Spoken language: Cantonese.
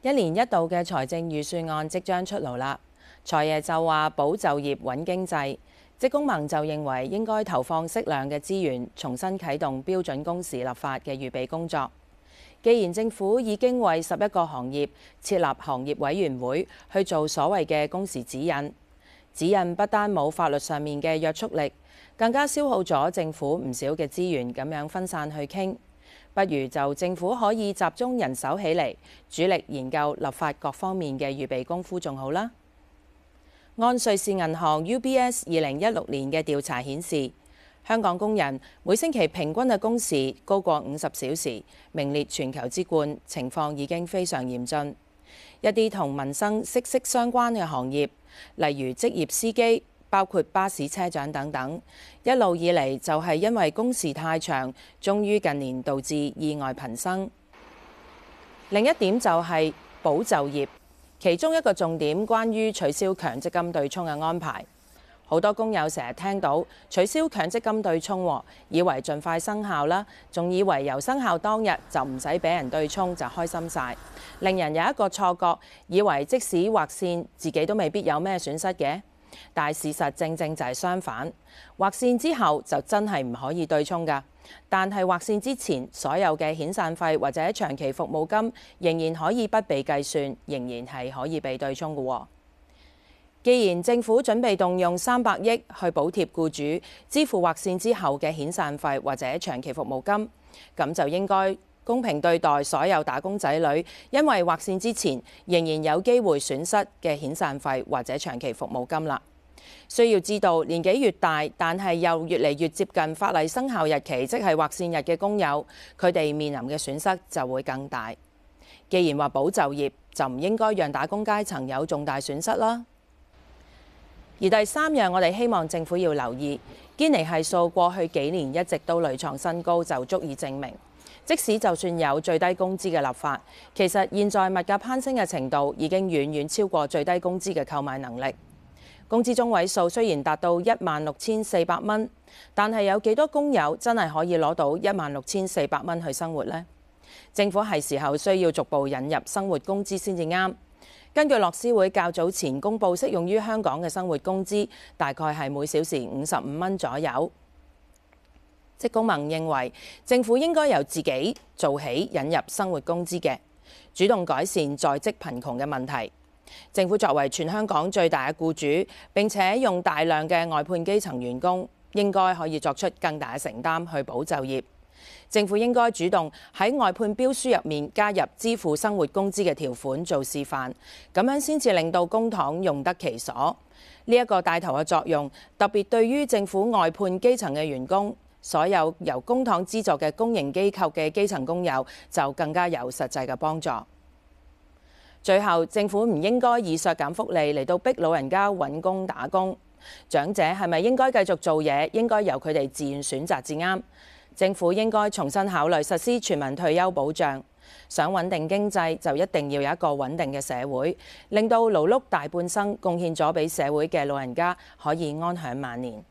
一年一度嘅財政預算案即將出爐啦，財爺就話保就業穩經濟，職工盟就認為應該投放適量嘅資源，重新啟動標準工時立法嘅預備工作。既然政府已經為十一個行業設立行業委員會去做所謂嘅工時指引，指引不單冇法律上面嘅約束力，更加消耗咗政府唔少嘅資源，咁樣分散去傾。不如就政府可以集中人手起嚟，主力研究立法各方面嘅預備功夫，仲好啦。按瑞士銀行 UBS 二零一六年嘅調查顯示，香港工人每星期平均嘅工時高過五十小時，名列全球之冠，情況已經非常嚴峻。一啲同民生息息相關嘅行業，例如職業司機。包括巴士車長等等，一路以嚟就係因為工時太長，終於近年導致意外頻生。另一點就係保就業，其中一個重點關於取消強積金對沖嘅安排，好多工友成日聽到取消強積金對沖，以為盡快生效啦，仲以為由生效當日就唔使畀人對沖就開心晒。令人有一個錯覺，以為即使劃線自己都未必有咩損失嘅。但係事實正正就係相反，劃線之後就真係唔可以對沖噶。但係劃線之前，所有嘅遣散費或者長期服務金仍然可以不被計算，仍然係可以被對沖嘅喎。既然政府準備動用三百億去補貼僱主支付劃線之後嘅遣散費或者長期服務金，咁就應該。公平對待所有打工仔女，因為劃線之前仍然有機會損失嘅遣散費或者長期服務金啦。需要知道年紀越大，但係又越嚟越接近法例生效日期，即係劃線日嘅工友，佢哋面臨嘅損失就會更大。既然話保就業，就唔應該讓打工階層有重大損失啦。而第三樣，我哋希望政府要留意堅尼係數過去幾年一直都屢創新高，就足以證明。即使就算有最低工資嘅立法，其實現在物價攀升嘅程度已經遠遠超過最低工資嘅購買能力。工資中位數雖然達到一萬六千四百蚊，但係有幾多工友真係可以攞到一萬六千四百蚊去生活呢？政府係時候需要逐步引入生活工資先至啱。根據樂施會較早前公佈適用於香港嘅生活工資，大概係每小時五十五蚊左右。職工盟認為政府應該由自己做起，引入生活工資嘅主動改善在職貧窮嘅問題。政府作為全香港最大嘅僱主，並且用大量嘅外判基層員工，應該可以作出更大嘅承擔去補就業。政府應該主動喺外判標書入面加入支付生活工資嘅條款做示範，咁樣先至令到公帑用得其所。呢一個帶頭嘅作用，特別對於政府外判基層嘅員工。所有由公帑資助嘅公營機構嘅基層工友就更加有實際嘅幫助。最後，政府唔應該以削減福利嚟到逼老人家揾工打工。長者係咪應該繼續做嘢？應該由佢哋自願選擇至啱。政府應該重新考慮實施全民退休保障。想穩定經濟，就一定要有一個穩定嘅社會，令到勞碌大半生、貢獻咗俾社會嘅老人家可以安享晚年。